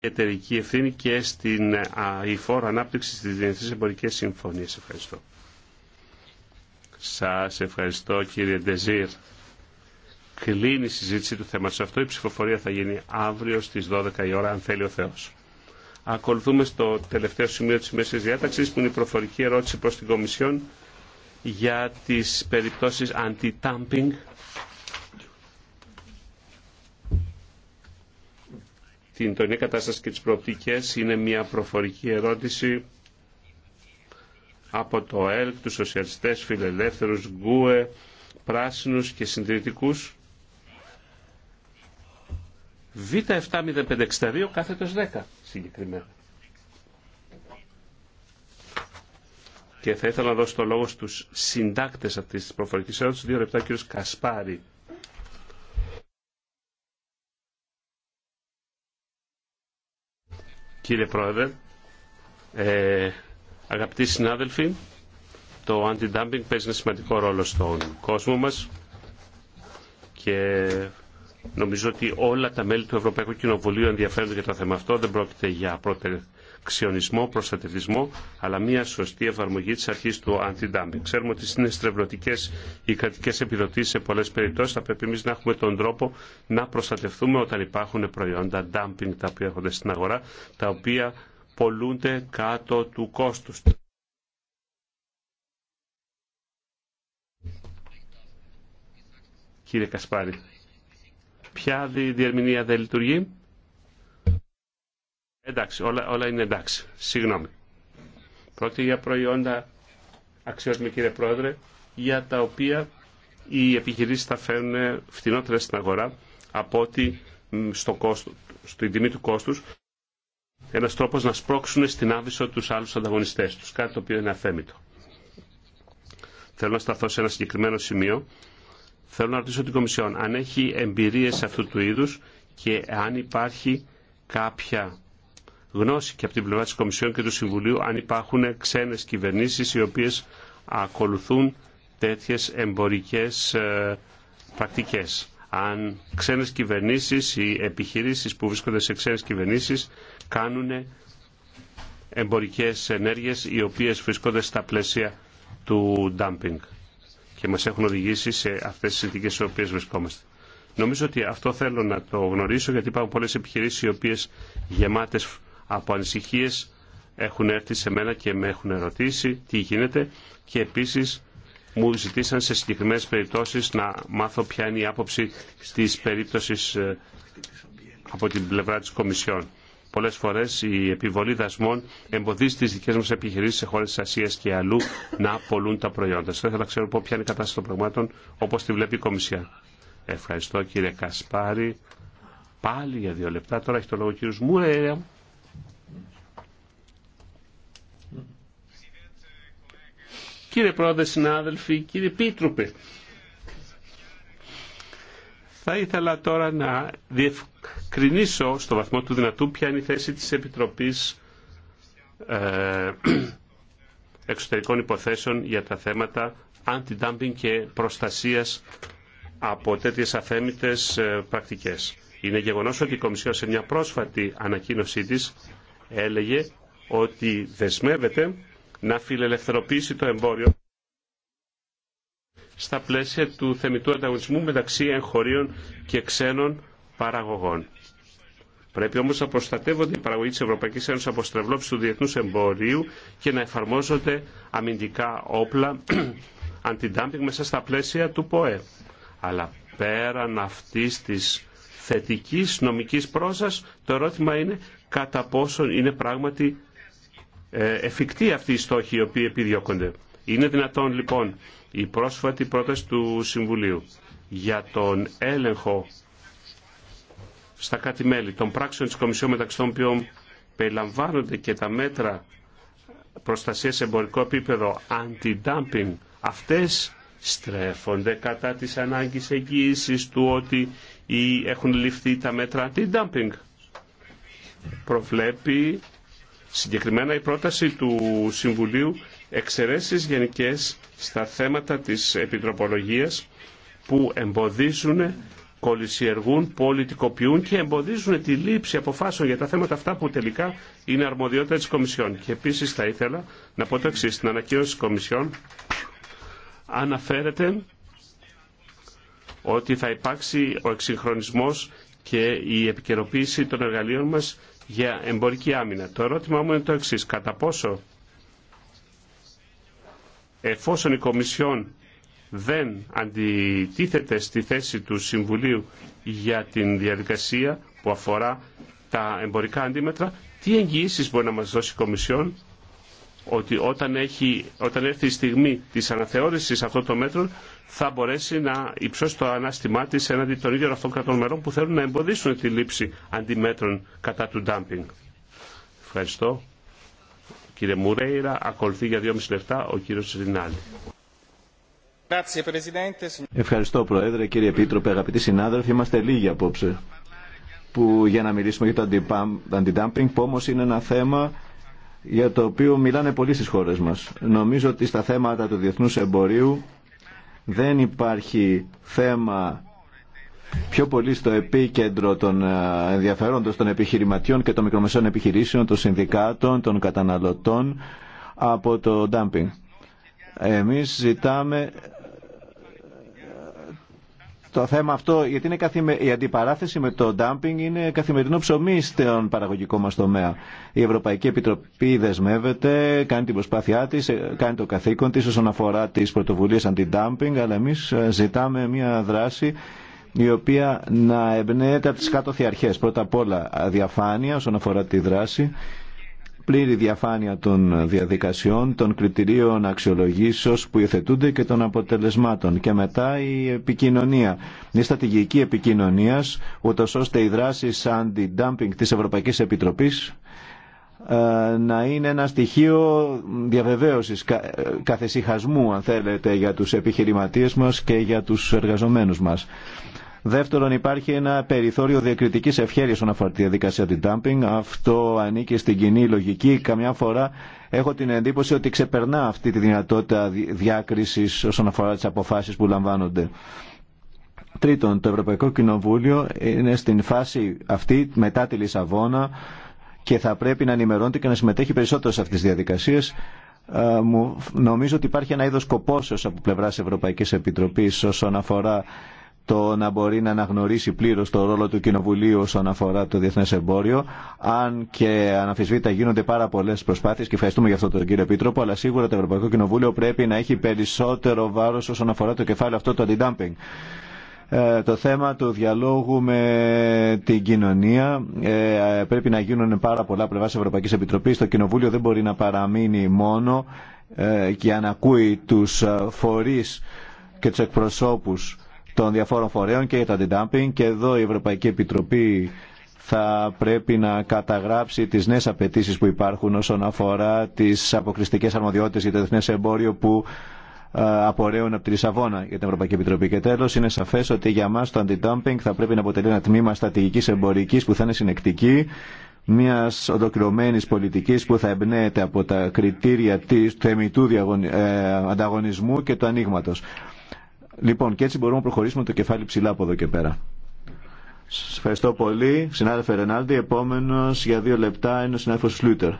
εταιρική ευθύνη και στην υφόρο ανάπτυξη της Διεθνής εμπορικής συμφωνίας Ευχαριστώ. Σας ευχαριστώ κύριε Ντεζίρ. Κλείνει η συζήτηση του θέματος αυτό. Η ψηφοφορία θα γίνει αύριο στις 12 η ώρα, αν θέλει ο Θεός. Ακολουθούμε στο τελευταίο σημείο της μέσης διάταξης, που είναι η προφορική ερώτηση προς την Κομισιόν για τις περιπτώσεις αντι-dumping την τωρινή κατάσταση και τις προοπτικές είναι μια προφορική ερώτηση από το ΕΛΚ, τους σοσιαλιστές, φιλελεύθερους, γκούε, πράσινους και συντηρητικούς. Β70562 κάθετος 10 συγκεκριμένα. Και θα ήθελα να δώσω το λόγο στους συντάκτες αυτής της προφορικής ερώτησης. Δύο λεπτά κύριος Κασπάρη. Κύριε Πρόεδρε, ε, αγαπητοί συνάδελφοι, το anti-dumping παίζει ένα σημαντικό ρόλο στον κόσμο μας και νομίζω ότι όλα τα μέλη του Ευρωπαϊκού Κοινοβουλίου ενδιαφέρονται για το θέμα αυτό. Δεν πρόκειται για πρώτη ξιονισμό, προστατευτισμό, αλλά μια σωστή εφαρμογή τη αρχή του αντι-dumping. Ξέρουμε ότι είναι στρεβλωτικέ οι κρατικέ επιδοτήσει σε πολλέ περιπτώσει. Θα πρέπει εμεί να έχουμε τον τρόπο να προστατευτούμε όταν υπάρχουν προϊόντα dumping τα οποία έρχονται στην αγορά, τα οποία πολλούνται κάτω του κόστου. Κύριε Κασπάρη, ποια διερμηνία δεν λειτουργεί. Εντάξει, όλα, όλα είναι εντάξει. Συγγνώμη. Πρόκειται για προϊόντα, αξιότιμη κύριε Πρόεδρε, για τα οποία οι επιχειρήσει θα φέρουν φτηνότερα στην αγορά από ότι στο κόστο, στην τιμή του κόστου, ένα τρόπο να σπρώξουν στην άβυσο του άλλου ανταγωνιστέ του κάτι το οποίο είναι αφέμητο. Θέλω να σταθώ σε ένα συγκεκριμένο σημείο. Θέλω να ρωτήσω την Κομισιόν αν έχει εμπειρίες αυτού του είδους και αν υπάρχει κάποια γνώση και από την πλευρά της Κομισιόν και του Συμβουλίου αν υπάρχουν ξένες κυβερνήσεις οι οποίες ακολουθούν τέτοιες εμπορικές ε, πρακτικές. Αν ξένες κυβερνήσεις ή επιχειρήσεις που βρίσκονται σε ξένες κυβερνήσεις κάνουν εμπορικές ενέργειες οι οποίες βρίσκονται στα πλαίσια του dumping και μας έχουν οδηγήσει σε αυτές τις συνθήκες στις οποίες βρισκόμαστε. Νομίζω ότι αυτό θέλω να το γνωρίσω γιατί υπάρχουν πολλές επιχειρήσεις οι οποίες γεμάτες από ανησυχίες έχουν έρθει σε μένα και με έχουν ερωτήσει τι γίνεται και επίσης μου ζητήσαν σε συγκεκριμένες περιπτώσεις να μάθω ποια είναι η άποψη της περίπτωσης ε, από την πλευρά της Κομισιόν. Πολλές φορές η επιβολή δασμών εμποδίζει τις δικές μας επιχειρήσεις σε χώρες της Ασίας και αλλού να πολλούν τα προϊόντα. Θα ήθελα να ξέρω ποια είναι η κατάσταση των πραγμάτων όπως τη βλέπει η Κομισιά. Ευχαριστώ κύριε Κασπάρη. Πάλι για δύο λεπτά. Τώρα έχει το λόγο ο κύριος Μουρέα. Κύριε Πρόεδρε, συνάδελφοι, κύριε Πίτρουπε, θα ήθελα τώρα να διευκρινίσω στο βαθμό του δυνατού ποια είναι η θέση της Επιτροπής ε, Εξωτερικών Υποθέσεων για τα θεματα αντι anti-dumping και προστασίας από τέτοιες αθέμητες ε, πρακτικές. Είναι γεγονός ότι η Κομισιόν σε μια πρόσφατη ανακοίνωσή της έλεγε ότι δεσμεύεται να φιλελευθερωποιήσει το εμπόριο στα πλαίσια του θεμητού ανταγωνισμού μεταξύ εγχωρίων και ξένων παραγωγών. Πρέπει όμως να προστατεύονται οι παραγωγοί της Ευρωπαϊκής Ένωσης από στρεβλόψη του διεθνούς εμπορίου και να εφαρμόζονται αμυντικά όπλα αντιντάμπινγκ μέσα στα πλαίσια του ΠΟΕ. Αλλά πέραν αυτής της θετικής νομικής πρόσας, το ερώτημα είναι κατά πόσον είναι πράγματι ε, εφικτή αυτή η στόχη οι οποίοι επιδιώκονται. Είναι δυνατόν λοιπόν η πρόσφατη πρόταση του Συμβουλίου για τον έλεγχο στα κάτι μέλη των πράξεων της Κομισιόν μεταξύ των οποίων περιλαμβάνονται και τα μέτρα προστασίας σε εμπορικό επίπεδο anti-dumping αυτές στρέφονται κατά της ανάγκης εγγύησης του ότι έχουν ληφθεί τα μέτρα anti-dumping. Προβλέπει Συγκεκριμένα η πρόταση του Συμβουλίου εξαιρέσεις γενικές στα θέματα της επιτροπολογίας που εμποδίζουν, κολλησιεργούν, πολιτικοποιούν και εμποδίζουν τη λήψη αποφάσεων για τα θέματα αυτά που τελικά είναι αρμοδιότητα της Κομισιόν. Και επίσης θα ήθελα να πω το εξής, στην ανακοίνωση της Κομισιόν αναφέρεται ότι θα υπάρξει ο εξυγχρονισμός και η επικαιροποίηση των εργαλείων μας για εμπορική άμυνα. Το ερώτημά μου είναι το εξής. Κατά πόσο εφόσον η Κομισιόν δεν αντιτίθεται στη θέση του Συμβουλίου για την διαδικασία που αφορά τα εμπορικά αντίμετρα, τι εγγυήσεις μπορεί να μας δώσει η Κομισιόν ότι όταν, έχει, όταν έρθει η στιγμή της αναθεώρησης αυτών των μέτρων θα μπορέσει να υψώσει το ανάστημά της έναντι των ίδιων αυτών κρατών μερών που θέλουν να εμποδίσουν τη λήψη αντιμέτρων κατά του ντάμπινγκ. Ευχαριστώ. Κύριε Μουρέιρα, ακολουθεί για δύο μισή λεπτά ο κύριος Ρινάλη. Ευχαριστώ Πρόεδρε, κύριε Επίτροπε, αγαπητοί συνάδελφοι, είμαστε λίγοι απόψε που για να μιλήσουμε για το αντι που όμως είναι ένα θέμα για το οποίο μιλάνε πολλοί στις χώρες μας. Νομίζω ότι στα θέματα του διεθνούς εμπορίου δεν υπάρχει θέμα πιο πολύ στο επίκεντρο των ε, ενδιαφέροντων των επιχειρηματιών και των μικρομεσαίων επιχειρήσεων, των συνδικάτων, των καταναλωτών από το dumping. Εμείς ζητάμε το θέμα αυτό, γιατί είναι η αντιπαράθεση με το ντάμπινγκ είναι καθημερινό ψωμί στον παραγωγικό μας τομέα. Η Ευρωπαϊκή Επιτροπή δεσμεύεται, κάνει την προσπάθειά τη, ε, κάνει το καθήκον τη όσον αφορά τι πρωτοβουλίες αντι-dumping, αλλά εμείς ε, ζητάμε μια δράση η οποία να εμπνέεται από τις κάτω θεαρχές. Πρώτα απ' όλα αδιαφάνεια όσον αφορά τη δράση πλήρη διαφάνεια των διαδικασιών, των κριτηρίων αξιολογήσεως που υιοθετούνται και των αποτελεσμάτων. Και μετά η επικοινωνία, η στατηγική επικοινωνία, ούτω ώστε οι δράσει αντι-dumping τη Ευρωπαϊκή Επιτροπή ε, να είναι ένα στοιχείο διαβεβαίωσης, ε, καθεσυχασμού αν θέλετε για τους επιχειρηματίες μας και για τους εργαζομένους μας. Δεύτερον, υπάρχει ένα περιθώριο διακριτική ευχέρεια όσον αφορά τη διαδικασία του dumping. Αυτό ανήκει στην κοινή λογική. Καμιά φορά έχω την εντύπωση ότι ξεπερνά αυτή τη δυνατότητα διάκριση όσον αφορά τι αποφάσει που λαμβάνονται. Τρίτον, το Ευρωπαϊκό Κοινοβούλιο είναι στην φάση αυτή μετά τη Λισαβόνα και θα πρέπει να ενημερώνεται και να συμμετέχει περισσότερο σε αυτές τις διαδικασίες. νομίζω ότι υπάρχει ένα είδο κοπόσεω από πλευρά Ευρωπαϊκή Επιτροπή όσον αφορά το να μπορεί να αναγνωρίσει πλήρω το ρόλο του Κοινοβουλίου όσον αφορά το διεθνές εμπόριο. Αν και αναφυσβήτα γίνονται πάρα πολλέ προσπάθειε και ευχαριστούμε για αυτό τον κύριο Επίτροπο, αλλά σίγουρα το Ευρωπαϊκό Κοινοβούλιο πρέπει να έχει περισσότερο βάρο όσον αφορά το κεφάλαιο αυτό του αντι-dumping ε, το θέμα του διαλόγου με την κοινωνία ε, πρέπει να γίνουν πάρα πολλά πλευρά Ευρωπαϊκή Επιτροπή. Το Κοινοβούλιο δεν μπορεί να παραμείνει μόνο ε, και ανακούει του ε, φορεί και του εκπροσώπου των διαφόρων φορέων και για το αντι και εδώ η Ευρωπαϊκή Επιτροπή θα πρέπει να καταγράψει τις νέες απαιτήσει που υπάρχουν όσον αφορά τις αποκριστικές αρμοδιότητες για το διεθνές εμπόριο που ε, απορρέουν από τη Λισαβόνα για την Ευρωπαϊκή Επιτροπή. Και τέλο, είναι σαφέ ότι για μα το anti θα πρέπει να αποτελεί ένα τμήμα στρατηγική εμπορική που θα είναι συνεκτική, μια ολοκληρωμένη πολιτική που θα εμπνέεται από τα κριτήρια της, του θεμητού ε, ανταγωνισμού και του ανοίγματο. Λοιπόν, και έτσι μπορούμε να προχωρήσουμε το κεφάλι ψηλά από εδώ και πέρα. Σα ευχαριστώ πολύ, συνάδελφε Ρενάλντι. Επόμενο για δύο λεπτά είναι ο συνάδελφο Σλούτερ.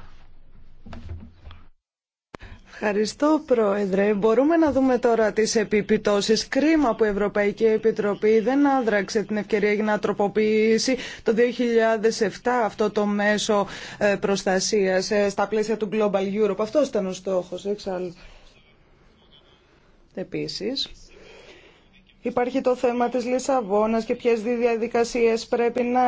Ευχαριστώ, Πρόεδρε. Μπορούμε να δούμε τώρα τι επιπτώσεις. Κρίμα που η Ευρωπαϊκή Επιτροπή δεν άδραξε την ευκαιρία για να τροποποιήσει το 2007 αυτό το μέσο ε, προστασία ε, στα πλαίσια του Global Europe. Αυτό ήταν ο στόχο. εξάλλου. Επίσης, Υπάρχει το θέμα της Λισαβόνας και ποιες διαδικασίες πρέπει να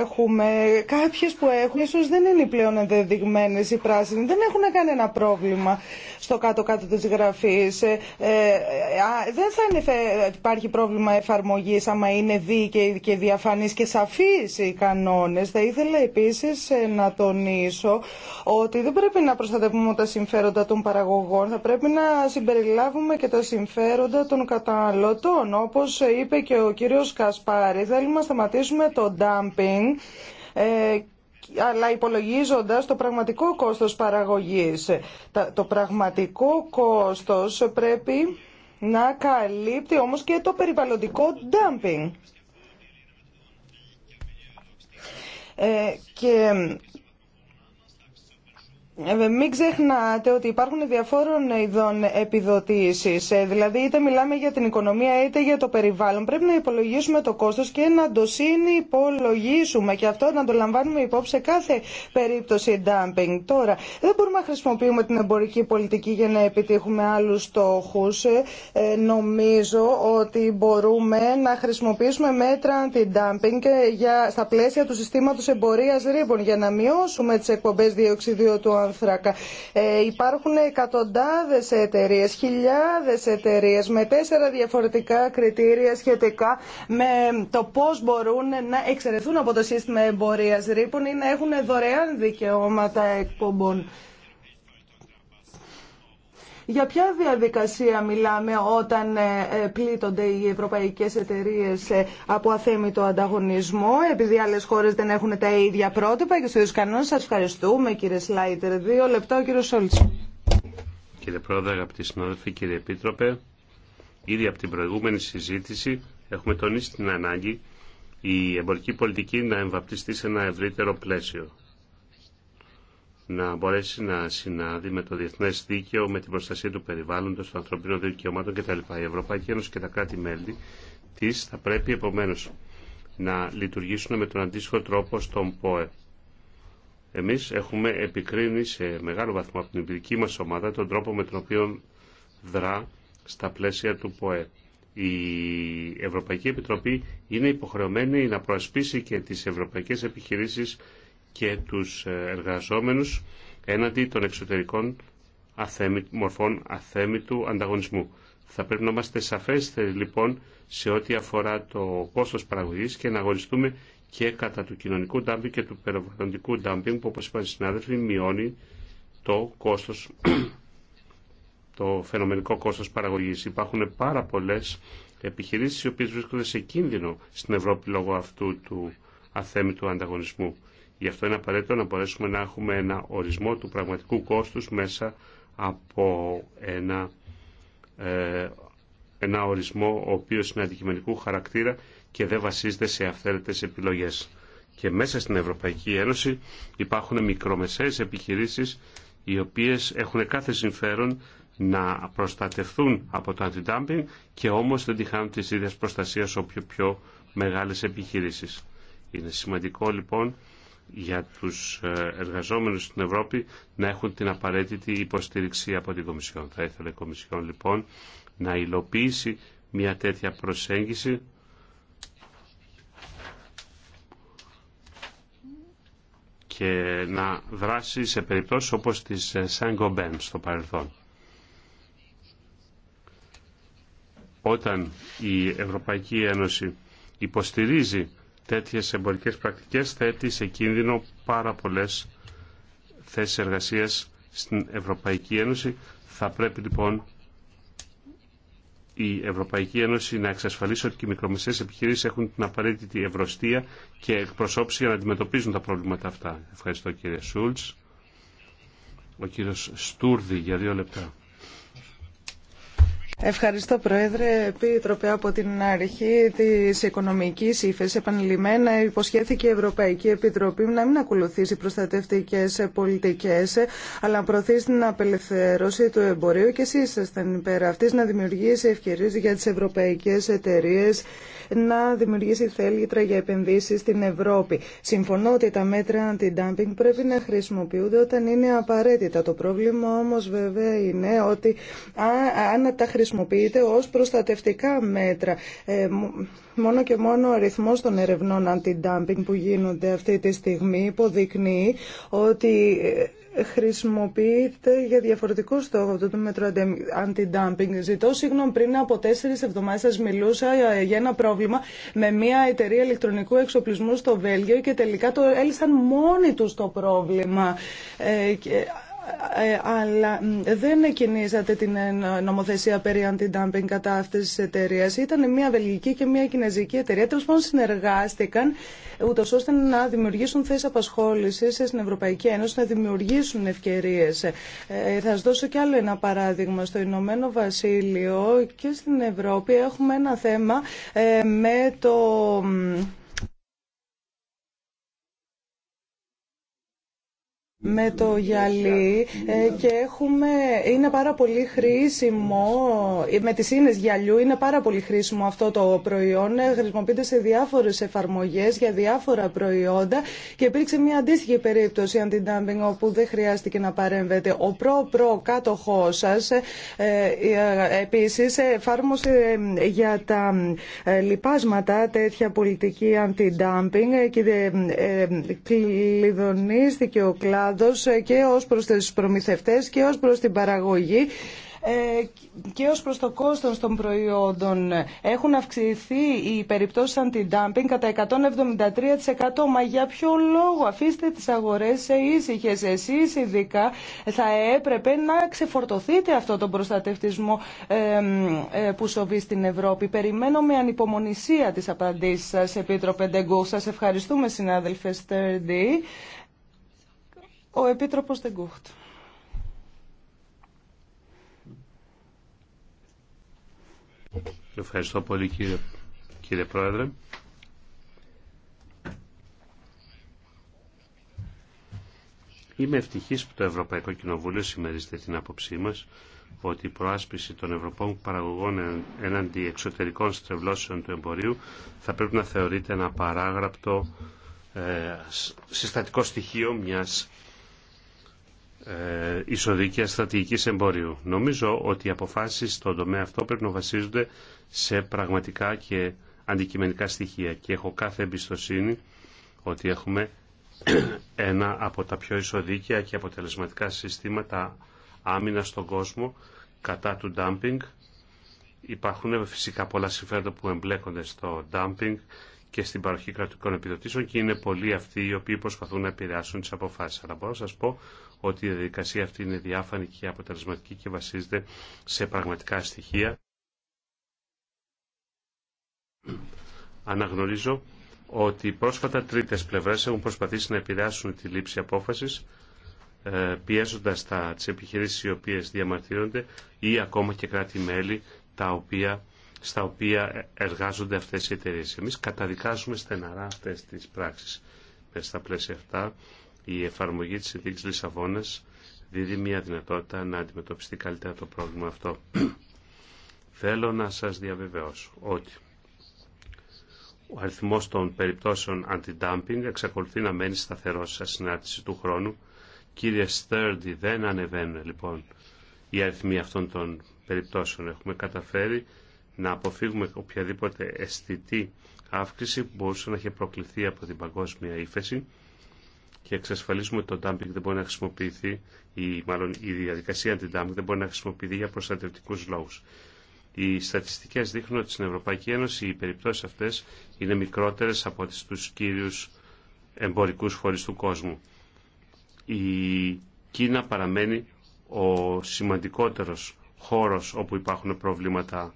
έχουμε. Κάποιες που έχουν ίσως δεν είναι πλέον ενδεδειγμένες οι πράσινοι. Δεν έχουν κανένα πρόβλημα στο κάτω-κάτω της γραφής. Ε, ε δεν θα είναι, υπάρχει πρόβλημα εφαρμογής άμα είναι δίκαιοι και διαφανείς και σαφείς οι κανόνες. Θα ήθελα επίσης ε, να τονίσω ότι δεν πρέπει να προστατεύουμε τα συμφέροντα των παραγωγών. Θα πρέπει να συμπεριλάβουμε και τα συμφέροντα των καταναλωτών όπως είπε και ο κύριος Κασπάρη, θέλουμε να σταματήσουμε το dumping ε, αλλά υπολογίζοντας το πραγματικό κόστος παραγωγής. Το πραγματικό κόστος πρέπει να καλύπτει όμως και το περιβαλλοντικό dumping. Ε, και ε, μην ξεχνάτε ότι υπάρχουν διαφόρων ειδών επιδοτήσει. Ε, δηλαδή είτε μιλάμε για την οικονομία είτε για το περιβάλλον. Πρέπει να υπολογίσουμε το κόστο και να το συνυπολογίσουμε και αυτό να το λαμβάνουμε υπόψη σε κάθε περίπτωση dumping. Τώρα, δεν μπορούμε να χρησιμοποιούμε την εμπορική πολιτική για να επιτύχουμε άλλου στόχου. Ε, νομίζω ότι μπορούμε να χρησιμοποιήσουμε μέτρα αντι-dumping στα πλαίσια του συστήματο εμπορία ρήπων για να μειώσουμε τι εκπομπέ διοξιδίου του άνθρακα. Ε, υπάρχουν εκατοντάδες εταιρείες, χιλιάδες εταιρείες με τέσσερα διαφορετικά κριτήρια σχετικά με το πώς μπορούν να εξαιρεθούν από το σύστημα εμπορίας ρήπων ή να έχουν δωρεάν δικαιώματα εκπομπών. Για ποια διαδικασία μιλάμε όταν ε, ε, πλήττονται οι ευρωπαϊκές εταιρείες ε, από αθέμητο ανταγωνισμό, επειδή άλλες χώρες δεν έχουν τα ίδια πρότυπα και στους κανόνες. Σας ευχαριστούμε κύριε Σλάιτερ. Δύο λεπτά ο κύριος Σόλτς. Κύριε Πρόεδρε, αγαπητοί συνάδελφοι, κύριε Επίτροπε, ήδη από την προηγούμενη συζήτηση έχουμε τονίσει την ανάγκη η εμπορική πολιτική να εμβαπτιστεί σε ένα ευρύτερο πλαίσιο να μπορέσει να συνάδει με το διεθνέ δίκαιο, με την προστασία του περιβάλλοντο, των ανθρωπίνων δικαιωμάτων κτλ. Η Ευρωπαϊκή Ένωση και τα κράτη-μέλη τη θα πρέπει επομένω να λειτουργήσουν με τον αντίστοιχο τρόπο στον ΠΟΕ. Εμεί έχουμε επικρίνει σε μεγάλο βαθμό από την εμπειρική μα ομάδα τον τρόπο με τον οποίο δρά στα πλαίσια του ΠΟΕ. Η Ευρωπαϊκή Επιτροπή είναι υποχρεωμένη να προασπίσει και τις ευρωπαϊκές επιχειρήσεις και τους ε, εργαζόμενους έναντι των εξωτερικών μορφών αθέμητου ανταγωνισμού. Θα πρέπει να είμαστε σαφέστεροι λοιπόν σε ό,τι αφορά το κόστος παραγωγής και να αγωνιστούμε και κατά του κοινωνικού ντάμπινγκ και του περιβαλλοντικού ντάμπινγκ που όπως είπαν οι συνάδελφοι μειώνει το κόστος, το φαινομενικό κόστος παραγωγής. Υπάρχουν πάρα πολλές επιχειρήσεις οι οποίες βρίσκονται σε κίνδυνο στην Ευρώπη λόγω αυτού του αθέμητου ανταγωνισμού. Γι' αυτό είναι απαραίτητο να μπορέσουμε να έχουμε ένα ορισμό του πραγματικού κόστους μέσα από ένα, ε, ένα ορισμό ο οποίος είναι αντικειμενικού χαρακτήρα και δεν βασίζεται σε αυθαίρετες επιλογές. Και μέσα στην Ευρωπαϊκή Ένωση υπάρχουν μικρομεσαίες επιχειρήσεις οι οποίες έχουν κάθε συμφέρον να προστατευτούν από το αντιτάμπινγκ και όμως δεν τη χάνουν της ίδιας προστασίας όποιο πιο μεγάλες επιχειρήσεις. Είναι σημαντικό λοιπόν για τους ε, εργαζόμενους στην Ευρώπη να έχουν την απαραίτητη υποστήριξη από την Κομισιόν. Θα ήθελε η Κομισιόν λοιπόν να υλοποιήσει μια τέτοια προσέγγιση και να δράσει σε περιπτώσεις όπως της Σανγκομπέν ε, στο παρελθόν. Όταν η Ευρωπαϊκή Ένωση υποστηρίζει τέτοιες εμπορικές πρακτικές θέτει σε κίνδυνο πάρα πολλές θέσεις εργασίας στην Ευρωπαϊκή Ένωση. Θα πρέπει λοιπόν η Ευρωπαϊκή Ένωση να εξασφαλίσει ότι οι μικρομεσαίες επιχειρήσεις έχουν την απαραίτητη ευρωστία και εκπροσώπηση για να αντιμετωπίζουν τα προβλήματα αυτά. Ευχαριστώ κύριε Σούλτς. Ο κύριος Στούρδη για δύο λεπτά. Ευχαριστώ Πρόεδρε. Επίτροπε από την αρχή της οικονομικής ύφεση. επανειλημμένα υποσχέθηκε η Ευρωπαϊκή Επιτροπή να μην ακολουθήσει προστατευτικές πολιτικές αλλά να προωθήσει την απελευθέρωση του εμπορίου και εσείς ήσασταν υπέρ αυτής να δημιουργήσει ευκαιρίες για τις ευρωπαϊκές εταιρείες να δημιουργήσει θέλητρα για επενδύσεις στην Ευρώπη. Συμφωνώ ότι τα μέτρα αντι-dumping πρέπει να χρησιμοποιούνται όταν είναι απαραίτητα. Το πρόβλημα όμως βέβαια είναι ότι αν τα χρησιμοποιούν χρησιμοποιείται ως προστατευτικά μέτρα. Ε, μόνο και μόνο ο αριθμός των ερευνών αντι-dumping που γίνονται αυτή τη στιγμή υποδεικνύει ότι ε, χρησιμοποιείται για διαφορετικό στόχο αυτό το μέτρο αντι-dumping. Ζητώ συγγνώμη, πριν από τέσσερι εβδομάδε σα μιλούσα ε, για ένα πρόβλημα με μια εταιρεία ηλεκτρονικού εξοπλισμού στο Βέλγιο και τελικά το έλυσαν μόνοι του το πρόβλημα. και ε, αλλά δεν κινήσατε την ε, νομοθεσία περί αντι-dumping κατά αυτές τις εταιρείες. Ήταν μια βελγική και μια κινέζικη εταιρεία. Τέλος πάντων συνεργάστηκαν ούτω ώστε να δημιουργήσουν θέσει απασχόληση στην Ευρωπαϊκή Ένωση, να δημιουργήσουν ευκαιρίε. Ε, θα σα δώσω κι άλλο ένα παράδειγμα. Στο Ηνωμένο Βασίλειο και στην Ευρώπη έχουμε ένα θέμα με το με το γυαλί ε, και έχουμε, είναι πάρα πολύ χρήσιμο, ε, με τις ίνες γυαλιού είναι πάρα πολύ χρήσιμο αυτό το προϊόν, ε, χρησιμοποιείται σε διάφορες εφαρμογές για διάφορα προϊόντα και υπήρξε μια αντίστοιχη περίπτωση όπου δεν χρειάστηκε να παρέμβετε. Ο προ-προ κάτοχό σας επίσης εφάρμοσε για τα λοιπάσματα τέτοια πολιτική αντι-dumping και κλειδονίστηκε ο κλάδος ε, και ως προς τους προμηθευτές και ως προς την παραγωγή ε, και ως προς το κόστος των προϊόντων έχουν αυξηθεί οι περιπτώσεις αντι-dumping κατά 173%. Μα για ποιο λόγο αφήστε τις αγορές σε ήσυχες. Εσείς ειδικά θα έπρεπε να ξεφορτωθείτε αυτό τον προστατευτισμό ε, που σοβεί στην Ευρώπη. Περιμένω με ανυπομονησία τις απαντήσεις σας, Επίτροπε Ντεγκού. Σας ευχαριστούμε, συνάδελφε Στέρντι ο Επίτροπος Δεγκούχτ. Ευχαριστώ πολύ κύριε, κύριε Πρόεδρε. Είμαι ευτυχής που το Ευρωπαϊκό Κοινοβούλιο συμμερίζεται την άποψή μας ότι η προάσπιση των Ευρωπαίων παραγωγών έναντι εξωτερικών στρεβλώσεων του εμπορίου θα πρέπει να θεωρείται ένα παράγραπτο ε, συστατικό στοιχείο μιας ε, εισοδικία στρατηγική εμπόριου. Νομίζω ότι οι αποφάσεις στον τομέα αυτό πρέπει να βασίζονται σε πραγματικά και αντικειμενικά στοιχεία και έχω κάθε εμπιστοσύνη ότι έχουμε ένα από τα πιο εισοδίκια και αποτελεσματικά συστήματα άμυνα στον κόσμο κατά του ντάμπινγκ. Υπάρχουν φυσικά πολλά συμφέροντα που εμπλέκονται στο ντάμπινγκ και στην παροχή κρατικών επιδοτήσεων και είναι πολλοί αυτοί οι οποίοι προσπαθούν να επηρεάσουν τις αποφάσεις. Αλλά μπορώ να σας πω ότι η διαδικασία αυτή είναι διάφανη και αποτελεσματική και βασίζεται σε πραγματικά στοιχεία. Αναγνωρίζω ότι πρόσφατα τρίτες πλευρές έχουν προσπαθήσει να επηρεάσουν τη λήψη απόφασης ε, πιέζοντας τα, τις επιχειρήσεις οι οποίες διαμαρτύρονται ή ακόμα και κράτη-μέλη τα οποία, στα οποία εργάζονται αυτές οι εταιρείες. Εμείς καταδικάζουμε στεναρά αυτές τις πράξεις. στα πλαίσια αυτά η εφαρμογή της συνθήκης Λισαβόνας δίδει μια δυνατότητα να αντιμετωπιστεί καλύτερα το πρόβλημα αυτό. Θέλω να σας διαβεβαιώσω ότι ο αριθμός των περιπτώσεων αντι-dumping εξακολουθεί να μένει σταθερό σε συνάρτηση του χρόνου. Κύριε Στέρντι, δεν ανεβαίνουν λοιπόν οι αριθμοί αυτών των περιπτώσεων. Έχουμε καταφέρει να αποφύγουμε οποιαδήποτε αισθητή αύξηση που μπορούσε να είχε προκληθεί από την παγκόσμια ύφεση και εξασφαλίσουμε ότι το dumping δεν μπορεί να χρησιμοποιηθεί, ή μάλλον η διαδικασία αντι-dumping δεν μπορεί να χρησιμοποιηθεί για προστατευτικούς λόγους. Οι στατιστικές δείχνουν ότι στην Ευρωπαϊκή Ένωση οι περιπτώσεις αυτές είναι μικρότερες από τις τους κύριους εμπορικούς φορείς του κόσμου. Η Κίνα παραμένει ο σημαντικότερος χώρος όπου υπάρχουν προβλήματα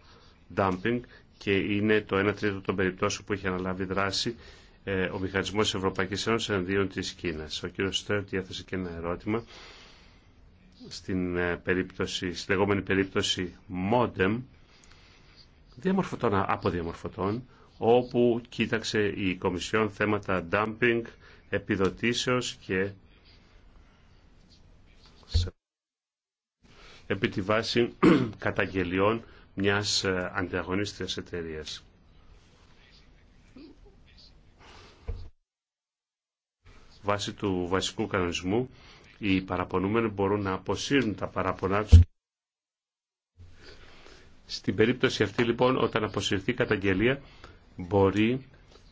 dumping και είναι το 1 τρίτο των περιπτώσεων που έχει αναλάβει δράση ε, ο μηχανισμός της Ευρωπαϊκής Ένωσης εναντίον της Κίνας. Ο κύριος Στέρτ διέθεσε και ένα ερώτημα στην, ε, περίπτωση, λεγόμενη περίπτωση Modem διαμορφωτών διαμορφωτων όπου κοίταξε η Κομισιόν θέματα dumping, επιδοτήσεως και επί τη βάση καταγγελιών μιας ε, ανταγωνίστριας εταιρείας. Βάσει του βασικού κανονισμού, οι παραπονούμενοι μπορούν να αποσύρουν τα παραπονά τους. Στην περίπτωση αυτή λοιπόν, όταν αποσυρθεί η καταγγελία, μπορεί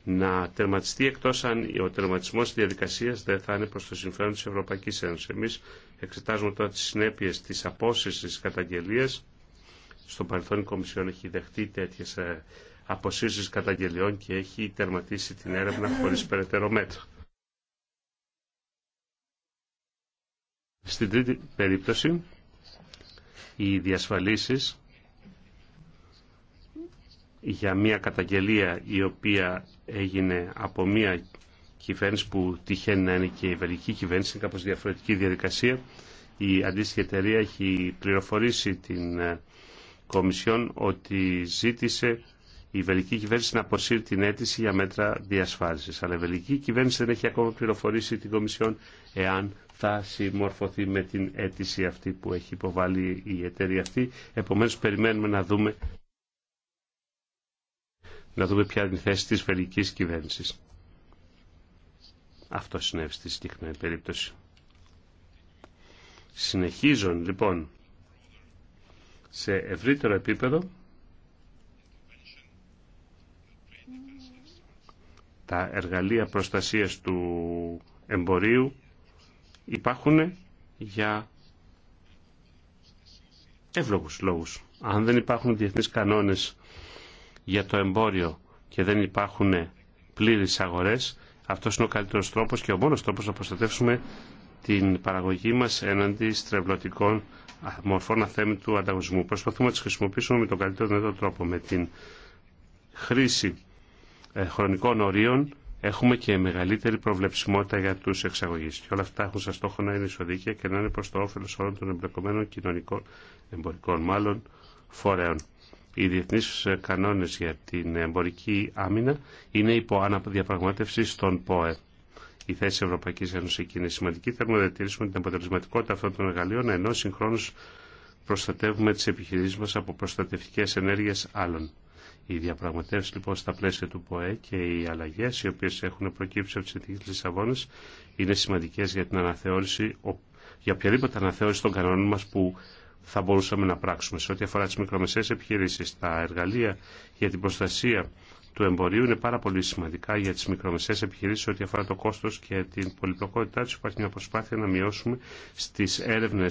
να τερματιστεί εκτός αν ο τερματισμός της διαδικασίας δεν θα είναι προς το συμφέρον της Ευρωπαϊκής Ένωσης. Εμείς εξετάζουμε τώρα τις συνέπειες της απόσυρσης της καταγγελίας. Στο παρελθόν η Κομισιόν έχει δεχτεί τέτοιες ε, αποσύρσεις καταγγελιών και έχει τερματίσει την έρευνα χωρίς περαιτέρω μέτρα. Στην τρίτη περίπτωση, οι διασφαλίσεις για μια καταγγελία η οποία έγινε από μια κυβέρνηση που τυχαίνει να είναι και η βελική κυβέρνηση, είναι κάπως διαφορετική διαδικασία. Η αντίστοιχη εταιρεία έχει πληροφορήσει την ε, Κομισιόν ότι ζήτησε η βελική κυβέρνηση να αποσύρει την αίτηση για μέτρα διασφάλισης. Αλλά η βελική κυβέρνηση δεν έχει ακόμα πληροφορήσει την Κομισιόν εάν θα συμμορφωθεί με την αίτηση αυτή που έχει υποβάλει η εταιρεία αυτή. Επομένως περιμένουμε να δούμε, να δούμε ποια είναι η θέση της φελικής κυβέρνησης. Αυτό συνέβη στη συγκεκριμένη περίπτωση. Συνεχίζουν λοιπόν σε ευρύτερο επίπεδο τα εργαλεία προστασίας του εμπορίου υπάρχουν για εύλογους λόγους. Αν δεν υπάρχουν διεθνείς κανόνες για το εμπόριο και δεν υπάρχουν πλήρεις αγορές, αυτός είναι ο καλύτερος τρόπος και ο μόνος τρόπος να προστατεύσουμε την παραγωγή μας έναντι στρεβλωτικών μορφών αθέμητου ανταγωνισμού. Προσπαθούμε να τις χρησιμοποιήσουμε με τον καλύτερο δυνατό τρόπο, με την χρήση ε, χρονικών ορίων, έχουμε και μεγαλύτερη προβλεψιμότητα για του εξαγωγεί. Και όλα αυτά έχουν σαν στόχο να είναι ισοδίκια και να είναι προ το όφελο όλων των εμπλεκομένων κοινωνικών, εμπορικών μάλλον φορέων. Οι διεθνεί κανόνε για την εμπορική άμυνα είναι υπό αναδιαπραγμάτευση στον ΠΟΕ. Η θέση Ευρωπαϊκή Ένωση είναι σημαντική. Θέλουμε να διατηρήσουμε την αποτελεσματικότητα αυτών των εργαλείων, ενώ συγχρόνω προστατεύουμε τι επιχειρήσει μα από προστατευτικέ ενέργειε άλλων. Οι διαπραγματεύσει λοιπόν στα πλαίσια του ΠΟΕ και οι αλλαγέ οι οποίε έχουν προκύψει από τι συνθήκε τη Λισαβόνα είναι σημαντικέ για την αναθεώρηση, για οποιαδήποτε αναθεώρηση των κανόνων μα που θα μπορούσαμε να πράξουμε. Σε ό,τι αφορά τι μικρομεσαίε επιχειρήσει, τα εργαλεία για την προστασία του εμπορίου είναι πάρα πολύ σημαντικά για τι μικρομεσαίε επιχειρήσει ό,τι αφορά το κόστο και την πολυπλοκότητά του. Υπάρχει μια προσπάθεια να μειώσουμε στι έρευνε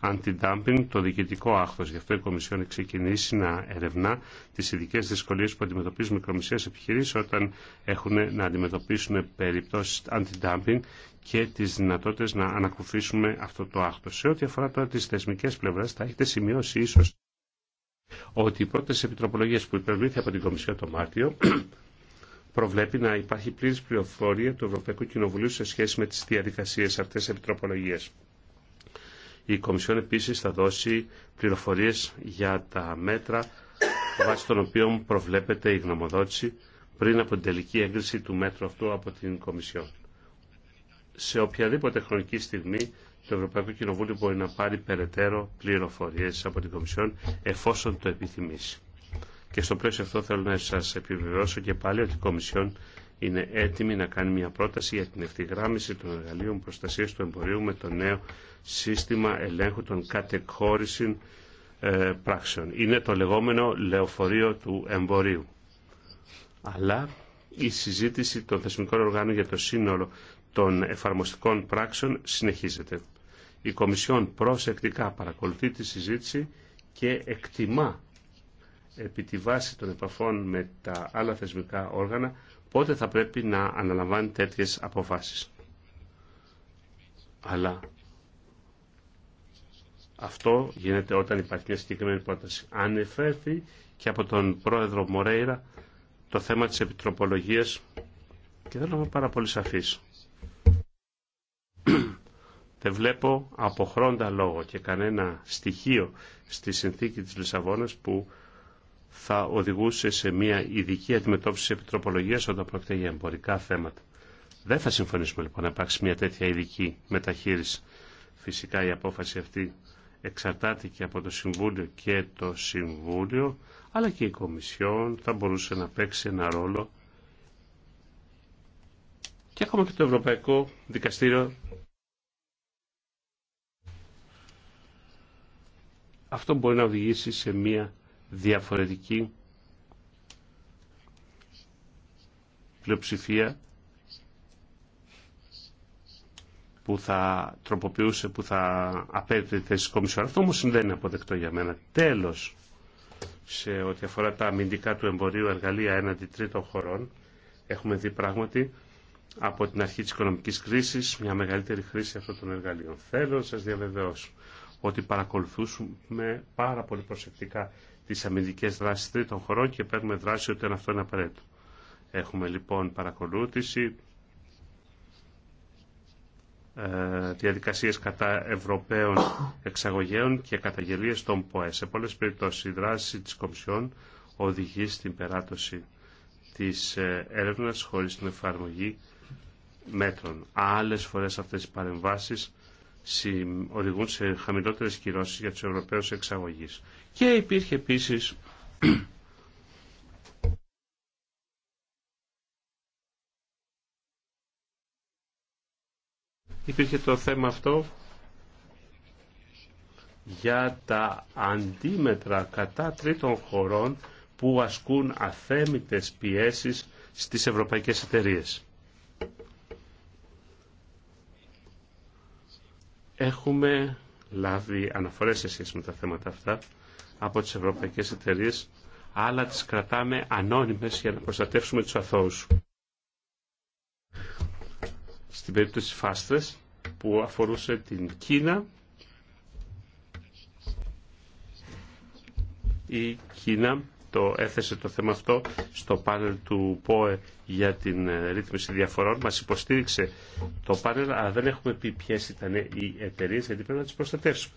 αντι-dumping το διοικητικό άχθο. Γι' αυτό η Κομισιόν ξεκινήσει να ερευνά τι ειδικέ δυσκολίε που αντιμετωπίζουν μικρομεσαίε επιχειρήσει όταν έχουν να αντιμετωπισουν περιπτώσει περιπτώσεις αντι-dumping και τι δυνατότητε να ανακουφίσουμε αυτό το άχθο. Σε ό,τι αφορά τώρα τι θεσμικέ πλευρέ, θα έχετε σημειώσει ίσω ότι οι πρώτε επιτροπολογίε που υπερβλήθη από την Κομισιόν το Μάρτιο προβλέπει να υπάρχει πλήρης πληροφορία του Ευρωπαϊκού Κοινοβουλίου σε σχέση με τις διαδικασίες αυτές επιτροπολογίε. Η Κομισιόν επίσης θα δώσει πληροφορίες για τα μέτρα βάσει των οποίων προβλέπεται η γνωμοδότηση πριν από την τελική έγκριση του μέτρου αυτού από την Κομισιόν. Σε οποιαδήποτε χρονική στιγμή το Ευρωπαϊκό Κοινοβούλιο μπορεί να πάρει περαιτέρω πληροφορίες από την Κομισιόν εφόσον το επιθυμήσει. Και στο πλαίσιο αυτό θέλω να σας επιβεβαιώσω και πάλι ότι η Κομισιόν είναι έτοιμη να κάνει μια πρόταση για την ευθυγράμμιση των εργαλείων προστασία του εμπορίου με το νέο σύστημα ελέγχου των κατεχώρησης ε, πράξεων. Είναι το λεγόμενο λεωφορείο του εμπορίου. Αλλά η συζήτηση των θεσμικών οργάνων για το σύνολο των εφαρμοστικών πράξεων συνεχίζεται. Η Κομισιόν προσεκτικά παρακολουθεί τη συζήτηση και εκτιμά επί τη βάση των επαφών με τα άλλα θεσμικά όργανα πότε θα πρέπει να αναλαμβάνει τέτοιες αποφάσεις. Αλλά αυτό γίνεται όταν υπάρχει μια συγκεκριμένη πρόταση. Ανεφέρθη και από τον πρόεδρο Μορέιρα το θέμα της επιτροπολογίας και δεν να είμαι πάρα πολύ σαφής. Δεν βλέπω αποχρόντα λόγο και κανένα στοιχείο στη συνθήκη της Λισαβόνας που θα οδηγούσε σε μια ειδική αντιμετώπιση της επιτροπολογίας όταν πρόκειται για εμπορικά θέματα. Δεν θα συμφωνήσουμε λοιπόν να υπάρξει μια τέτοια ειδική μεταχείριση. Φυσικά η απόφαση αυτή εξαρτάται και από το Συμβούλιο και το Συμβούλιο, αλλά και η Κομισιόν θα μπορούσε να παίξει ένα ρόλο και ακόμα και το Ευρωπαϊκό Δικαστήριο. Αυτό μπορεί να οδηγήσει σε μια διαφορετική πλειοψηφία που θα τροποποιούσε, που θα απέτυχε τη θέση Κομισιόν. Αυτό όμως δεν είναι αποδεκτό για μένα. Τέλος, σε ό,τι αφορά τα αμυντικά του εμπορίου εργαλεία έναντι τρίτων χωρών, έχουμε δει πράγματι από την αρχή της οικονομικής κρίσης μια μεγαλύτερη χρήση αυτών των εργαλείων. Θέλω να σας διαβεβαιώσω ότι παρακολουθούμε πάρα πολύ προσεκτικά τις αμυντικές δράσεις τρίτων χωρών και παίρνουμε δράση όταν αυτό είναι απαραίτητο. Έχουμε λοιπόν παρακολούθηση ε, διαδικασίες κατά Ευρωπαίων εξαγωγέων και καταγγελίες των ΠΟΕ. Σε πολλές περιπτώσεις η δράση της Κομισιόν οδηγεί στην περάτωση της ε, έρευνας χωρίς την εφαρμογή μέτρων. Άλλες φορές αυτές οι παρεμβάσεις οδηγούν σε χαμηλότερες κυρώσεις για τους Ευρωπαίους εξαγωγείς. Και υπήρχε επίσης υπήρχε το θέμα αυτό για τα αντίμετρα κατά τρίτων χωρών που ασκούν αθέμητες πιέσεις στις ευρωπαϊκές εταιρείες. Έχουμε λάβει αναφορές σε σχέση με τα θέματα αυτά από τις ευρωπαϊκές εταιρείες, αλλά τις κρατάμε ανώνυμες για να προστατεύσουμε τους αθώους στην περίπτωση Φάστρες που αφορούσε την Κίνα. Η Κίνα το έθεσε το θέμα αυτό στο πάνελ του ΠΟΕ για την ε, ρύθμιση διαφορών. Μας υποστήριξε το πάνελ, αλλά δεν έχουμε πει ποιες ήταν οι εταιρείε γιατί πρέπει να τις προστατεύσουμε.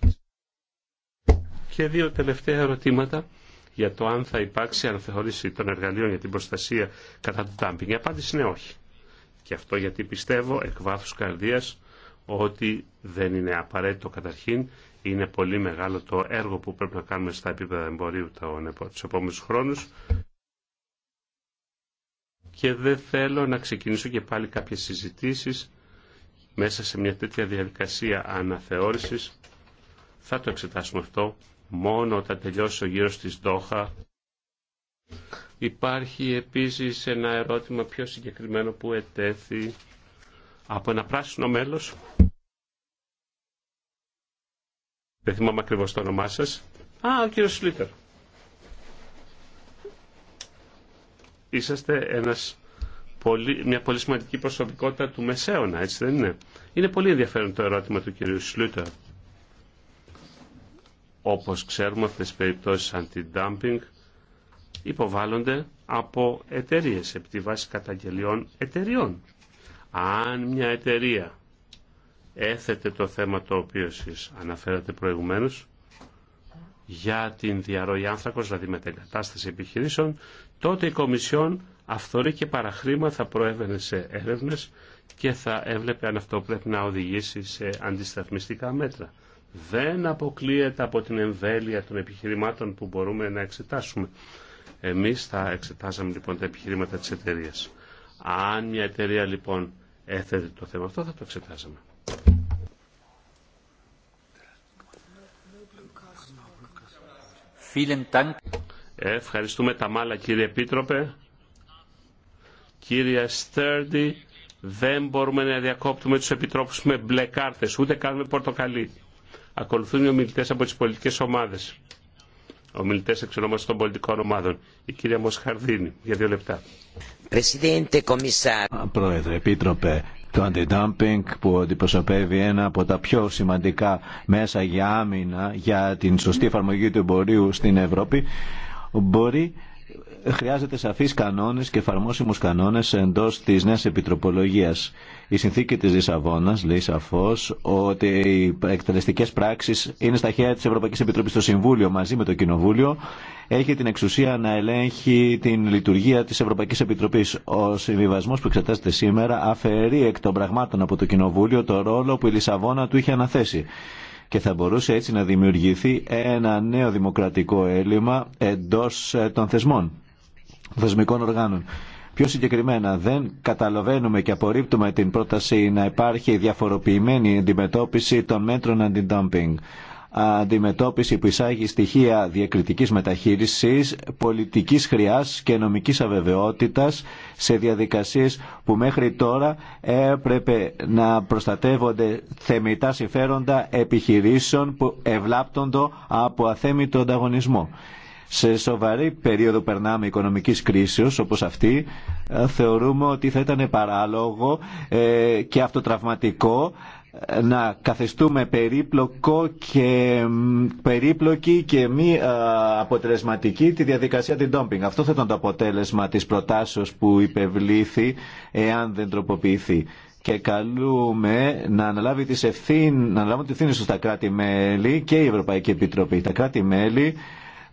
Και δύο τελευταία ερωτήματα για το αν θα υπάρξει αναθεώρηση των εργαλείων για την προστασία κατά του τάμπινγκ. Η απάντηση είναι όχι. Και αυτό γιατί πιστεύω εκ βάθου καρδίας ότι δεν είναι απαραίτητο καταρχήν. Είναι πολύ μεγάλο το έργο που πρέπει να κάνουμε στα επίπεδα εμπορίου του επόμενου χρόνου. Και δεν θέλω να ξεκινήσω και πάλι κάποιες συζητήσεις μέσα σε μια τέτοια διαδικασία αναθεώρησης. Θα το εξετάσουμε αυτό μόνο όταν τελειώσει ο γύρος της Ντόχα. Υπάρχει επίσης ένα ερώτημα πιο συγκεκριμένο που ετέθη από ένα πράσινο μέλος. Δεν θυμάμαι ακριβώς το όνομά σας. Α, ο κύριος Σλίτερ. Είσαστε ένας πολύ, μια πολύ σημαντική προσωπικότητα του Μεσαίωνα, έτσι δεν είναι. Είναι πολύ ενδιαφέρον το ερώτημα του κυρίου Σλούτερ. Όπως ξέρουμε αυτές τις περιπτώσεις αντι-dumping υποβάλλονται από εταιρείε επί τη βάση καταγγελιών εταιριών. Αν μια εταιρεία έθετε το θέμα το οποίο εσείς αναφέρατε προηγουμένως για την διαρροή άνθρακος, δηλαδή με την κατάσταση επιχειρήσεων, τότε η Κομισιόν αυθορή και παραχρήμα θα προέβαινε σε έρευνες και θα έβλεπε αν αυτό πρέπει να οδηγήσει σε αντισταθμιστικά μέτρα. Δεν αποκλείεται από την εμβέλεια των επιχειρημάτων που μπορούμε να εξετάσουμε. Εμείς θα εξετάζαμε λοιπόν τα επιχειρήματα της εταιρείας. Αν μια εταιρεία λοιπόν έθετε το θέμα αυτό θα το εξετάζαμε. Ε, ευχαριστούμε τα μάλα κύριε Επίτροπε. Κύριε Στέρντι, δεν μπορούμε να διακόπτουμε τους επιτρόπους με μπλε κάρτες, ούτε κάνουμε πορτοκαλί. Ακολουθούν οι ομιλητές από τις πολιτικές ομάδες ομιλητές εξ των πολιτικών ομάδων. Η κυρία Μοσχαρδίνη, για δύο λεπτά. Πρόεδρε, Επίτροπε, το αντιντάμπινγκ που αντιπροσωπεύει ένα από τα πιο σημαντικά μέσα για άμυνα για την σωστή εφαρμογή του εμπορίου στην Ευρώπη μπορεί χρειάζεται σαφεί κανόνε και εφαρμόσιμου κανόνε εντό τη νέα επιτροπολογία. Η συνθήκη τη Λισαβόνα λέει σαφώ ότι οι εκτελεστικέ πράξει είναι στα χέρια τη Ευρωπαϊκή Επιτροπή, στο Συμβούλιο μαζί με το Κοινοβούλιο. Έχει την εξουσία να ελέγχει την λειτουργία τη Ευρωπαϊκή Επιτροπή. Ο συμβιβασμό που εξετάζεται σήμερα αφαιρεί εκ των πραγμάτων από το Κοινοβούλιο το ρόλο που η Λισαβόνα του είχε αναθέσει και θα μπορούσε έτσι να δημιουργηθεί ένα νέο δημοκρατικό έλλειμμα εντός ε, των θεσμών θεσμικών οργάνων. Πιο συγκεκριμένα, δεν καταλαβαίνουμε και απορρίπτουμε την πρόταση να υπάρχει διαφοροποιημένη αντιμετώπιση των μέτρων Αντιμετώπιση που εισάγει στοιχεία διακριτικής μεταχείρισης, πολιτικής χρειάς και νομικής αβεβαιότητας σε διαδικασίες που μέχρι τώρα έπρεπε να προστατεύονται θεμητά συμφέροντα επιχειρήσεων που ευλάπτονται από αθέμητο ανταγωνισμό. Σε σοβαρή περίοδο περνάμε οικονομικής κρίσεως όπως αυτή, ε, θεωρούμε ότι θα ήταν παράλογο ε, και αυτοτραυματικό ε, να καθιστούμε περίπλοκο και περίπλοκη και μη αποτελεσματική τη διαδικασία την dumping. Αυτό θα ήταν το αποτέλεσμα της προτάσεως που υπευλήθη εάν δεν τροποποιηθεί. Και καλούμε να αναλάβει τις ευθύν, να αναλάβουν τις ευθύνες τα κράτη-μέλη και η Ευρωπαϊκή Επιτροπή. Τα κράτη-μέλη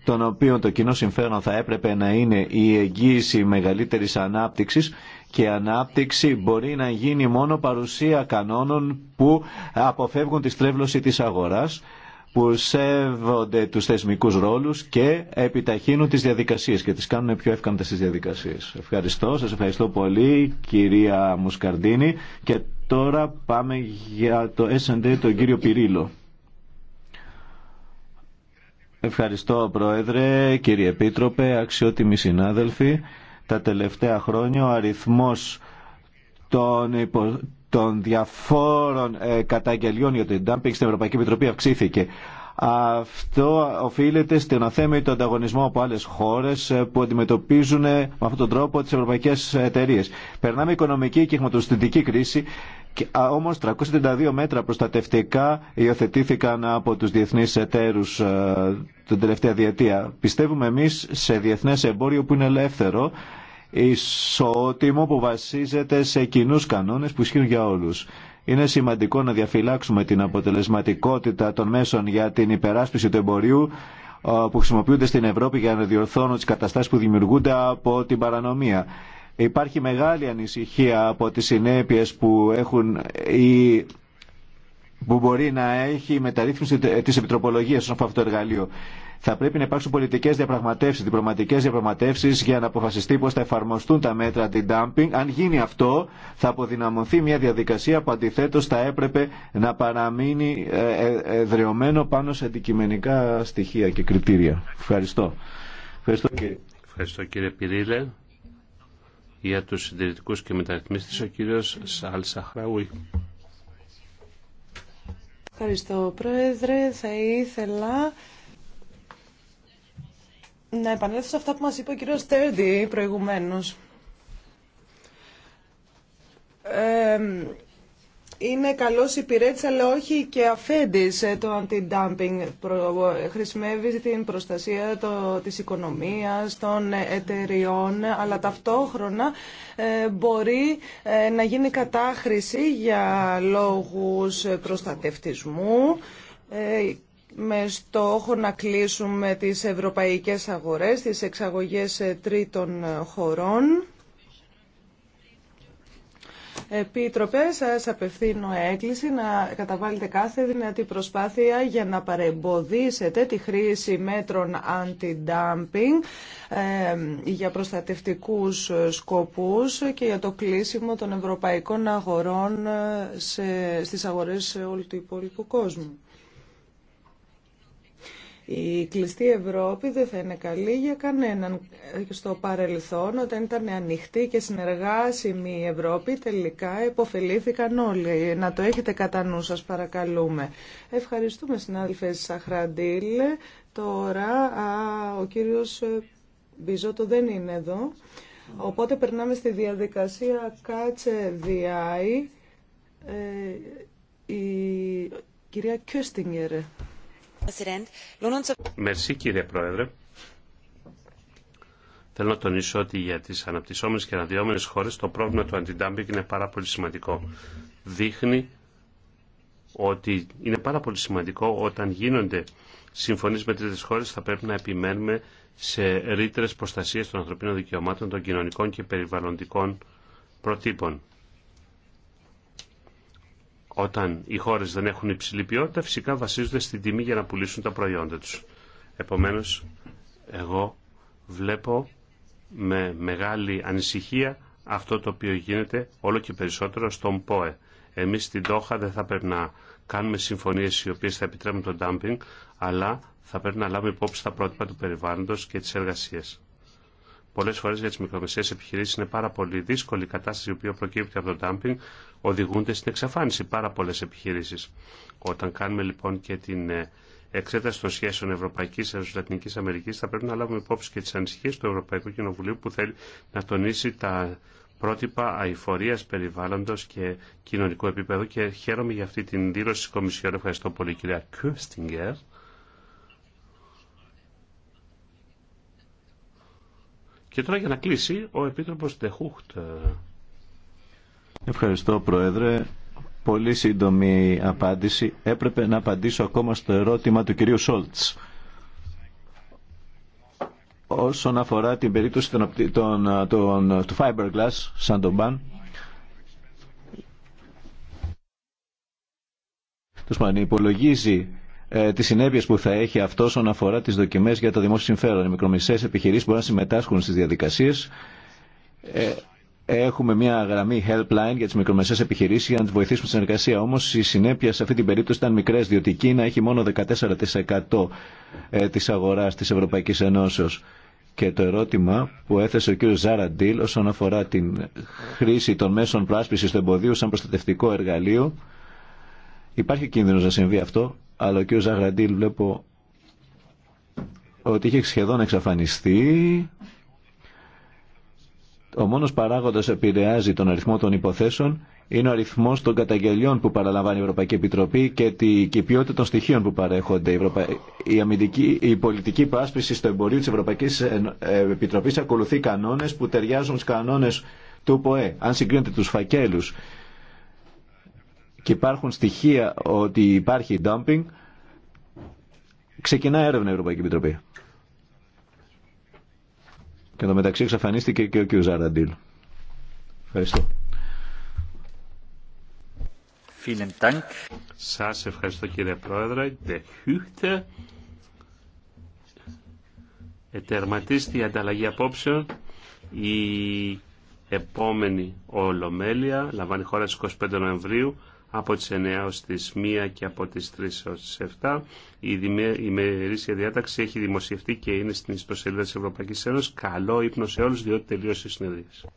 τον οποίο το κοινό συμφέρον θα έπρεπε να είναι η εγγύηση μεγαλύτερης ανάπτυξης και ανάπτυξη μπορεί να γίνει μόνο παρουσία κανόνων που αποφεύγουν τη στρέβλωση της αγοράς που σέβονται τους θεσμικούς ρόλους και επιταχύνουν τις διαδικασίες και τις κάνουν πιο εύκαμπτες τις διαδικασίες. Ευχαριστώ, σας ευχαριστώ πολύ κυρία Μουσκαρντίνη και τώρα πάμε για το S&D τον κύριο Πυρίλο. Ευχαριστώ Πρόεδρε, κύριε Επίτροπε, αξιότιμοι συνάδελφοι. Τα τελευταία χρόνια ο αριθμός των, των διαφόρων ε, καταγγελιών για την ντάμπινγκ στην Ευρωπαϊκή Επιτροπή αυξήθηκε. Αυτό οφείλεται στην αθέμητο ανταγωνισμό από άλλες χώρες ε, που αντιμετωπίζουν ε, με αυτόν τον τρόπο τις ευρωπαϊκές εταιρείες. Περνάμε οικονομική και χρηματοστητική κρίση όμως 332 μέτρα προστατευτικά υιοθετήθηκαν από τους διεθνείς εταίρους ε, την τελευταία διετία. Πιστεύουμε εμείς σε διεθνές εμπόριο που είναι ελεύθερο, ισότιμο που βασίζεται σε κοινούς κανόνες που ισχύουν για όλους. Είναι σημαντικό να διαφυλάξουμε την αποτελεσματικότητα των μέσων για την υπεράσπιση του εμπορίου ε, που χρησιμοποιούνται στην Ευρώπη για να διορθώνουν τις καταστάσεις που δημιουργούνται από την παρανομία. Υπάρχει μεγάλη ανησυχία από τις συνέπειες που έχουν που μπορεί να έχει η μεταρρύθμιση της επιτροπολογίας όσον αυτό το εργαλείο. Θα πρέπει να υπάρξουν πολιτικές διαπραγματεύσεις, διπλωματικές διαπραγματεύσεις για να αποφασιστεί πώς θα εφαρμοστούν τα μέτρα anti-dumping. Αν γίνει αυτό θα αποδυναμωθεί μια διαδικασία που αντιθέτως θα έπρεπε να παραμείνει ε, ε, εδρεωμένο πάνω σε αντικειμενικά στοιχεία και κριτήρια. Ευχαριστώ. Ευχαριστώ κύριε, Ευχαριστώ, κύριε για τους συντηρητικούς και μεταρρυθμίστες ο κύριος Σαλ Σαχραούι. Ευχαριστώ Πρόεδρε. Θα ήθελα να επανέλθω σε αυτά που μας είπε ο κύριος Στέρντι προηγουμένως. Ε, είναι καλό υπηρέτη, αλλά όχι και Αφέντη ε, το anti-dumping. Χρησιμεύει την προστασία τη της οικονομίας, των εταιριών, αλλά ταυτόχρονα ε, μπορεί ε, να γίνει κατάχρηση για λόγους προστατευτισμού με στόχο να κλείσουμε τις ευρωπαϊκές αγορές, τις εξαγωγές τρίτων χωρών. Επίτροπε, σα απευθύνω έκκληση να καταβάλλετε κάθε δυνατή προσπάθεια για να παρεμποδίσετε τη χρήση μέτρων anti-dumping για προστατευτικούς σκοπούς και για το κλείσιμο των ευρωπαϊκών αγορών ε, στι στις όλου του υπόλοιπου κόσμου. Η κλειστή Ευρώπη δεν θα είναι καλή για κανέναν. Στο παρελθόν, όταν ήταν ανοιχτή και συνεργάσιμη η Ευρώπη, τελικά υποφελήθηκαν όλοι. Να το έχετε κατά νου σας, παρακαλούμε. Ευχαριστούμε, συνάδελφε Σαχραντήλ. Τώρα α, ο κύριος Μπιζότο δεν είναι εδώ. Οπότε περνάμε στη διαδικασία κάτσε διάει. η κυρία Κιώστιγκερ Μερσή κύριε Πρόεδρε. Θέλω να τονίσω ότι για τι αναπτυσσόμενες και αναδυόμενε χώρε το πρόβλημα του αντιντάμπινγκ είναι πάρα πολύ σημαντικό. Δείχνει ότι είναι πάρα πολύ σημαντικό όταν γίνονται συμφωνίε με τρίτε χώρε, θα πρέπει να επιμένουμε σε ρήτρε προστασία των ανθρωπίνων δικαιωμάτων, των κοινωνικών και περιβαλλοντικών προτύπων. Όταν οι χώρε δεν έχουν υψηλή ποιότητα, φυσικά βασίζονται στην τιμή για να πουλήσουν τα προϊόντα τους. Επομένως, εγώ βλέπω με μεγάλη ανησυχία αυτό το οποίο γίνεται όλο και περισσότερο στον ΠΟΕ. Εμείς στην Τόχα δεν θα πρέπει να κάνουμε συμφωνίες οι οποίες θα επιτρέπουν το ντάμπινγκ, αλλά θα πρέπει να λάβουμε υπόψη τα πρότυπα του περιβάλλοντος και της εργασίας. Πολλέ φορέ για τι μικρομεσαίε επιχειρήσει είναι πάρα πολύ δύσκολη η κατάσταση η οποία προκύπτει από το dumping, οδηγούνται στην εξαφάνιση πάρα πολλέ επιχειρήσει. Όταν κάνουμε λοιπόν και την ε, εξέταση των σχέσεων Ευρωπαϊκή Ένωση Λατινική Αμερική, θα πρέπει να λάβουμε υπόψη και τι ανησυχίε του Ευρωπαϊκού Κοινοβουλίου που θέλει να τονίσει τα πρότυπα αηφορία περιβάλλοντο και κοινωνικού επίπεδου. Και χαίρομαι για αυτή την δήλωση τη Κομισιόν. Ευχαριστώ πολύ, κυρία Κούστιγκερ. Και τώρα για να κλείσει ο Επίτροπος Τεχούχτ. Ευχαριστώ Πρόεδρε. Πολύ σύντομη απάντηση. Έπρεπε να απαντήσω ακόμα στο ερώτημα του κυρίου Σόλτς. Όσον αφορά την περίπτωση των, των, των, του Fiberglass, σαν τον Μπαν, τους υπολογίζει ε, τι συνέπειε που θα έχει αυτό όσον αφορά τι δοκιμέ για το δημόσιο συμφέρον. Οι μικρομεσαίε επιχειρήσει μπορούν να συμμετάσχουν στι διαδικασίε. Ε, έχουμε μια γραμμή helpline για τι μικρομεσαίε επιχειρήσει για να τι βοηθήσουμε στην εργασία. Όμω οι συνέπεια σε αυτή την περίπτωση ήταν μικρέ, διότι η Κίνα έχει μόνο 14% ε, τη αγορά τη Ευρωπαϊκή Ενώσεω. Και το ερώτημα που έθεσε ο κ. Ζαραντίλ όσον αφορά την χρήση των μέσων πράσπιση του εμποδίου σαν προστατευτικό εργαλείο. Υπάρχει κίνδυνο να συμβεί αυτό αλλά ο κ. Ζαγραντήλ βλέπω ότι είχε σχεδόν εξαφανιστεί. Ο μόνος παράγοντας επηρεάζει τον αριθμό των υποθέσεων είναι ο αριθμός των καταγγελιών που παραλαμβάνει η Ευρωπαϊκή Επιτροπή και, η ποιότητα των στοιχείων που παρέχονται. Η, Ευρωπα... πολιτική πάσπιση στο εμπορίο της Ευρωπαϊκής ε, Επιτροπής... ακολουθεί κανόνες που ταιριάζουν στους κανόνε του ΠΟΕ. Αν συγκρίνεται του φακέλου και υπάρχουν στοιχεία ότι υπάρχει dumping, ξεκινά έρευνα η Ευρωπαϊκή Επιτροπή. Και το μεταξύ εξαφανίστηκε και ο κ. Ζαραντήλ. Ευχαριστώ. Σας ευχαριστώ κύριε Πρόεδρε. Ετερματίστη η ανταλλαγή απόψεων. Η επόμενη ολομέλεια λαμβάνει χώρα στις 25 Νοεμβρίου από τις 9 ως τις 1 και από τις 3 ως τις 7. Η ημερήσια διάταξη έχει δημοσιευτεί και είναι στην ιστοσελίδα της Ευρωπαϊκής Ένωσης. Καλό ύπνο σε όλους διότι τελείωσε η συνεδρίαση.